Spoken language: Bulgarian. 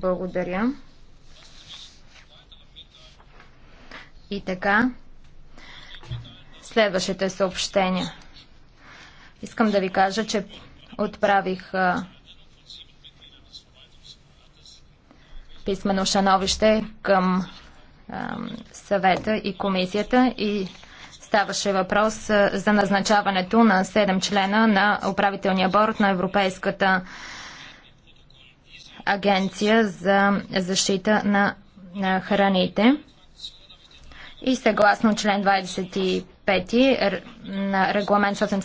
Благодаря. И така, следващите съобщения. Искам да ви кажа, че отправих писмено шановище към съвета и комисията и ставаше въпрос за назначаването на 7 члена на управителния борт на Европейската комисия агенция за защита на, храните. И съгласно член 25 на регламент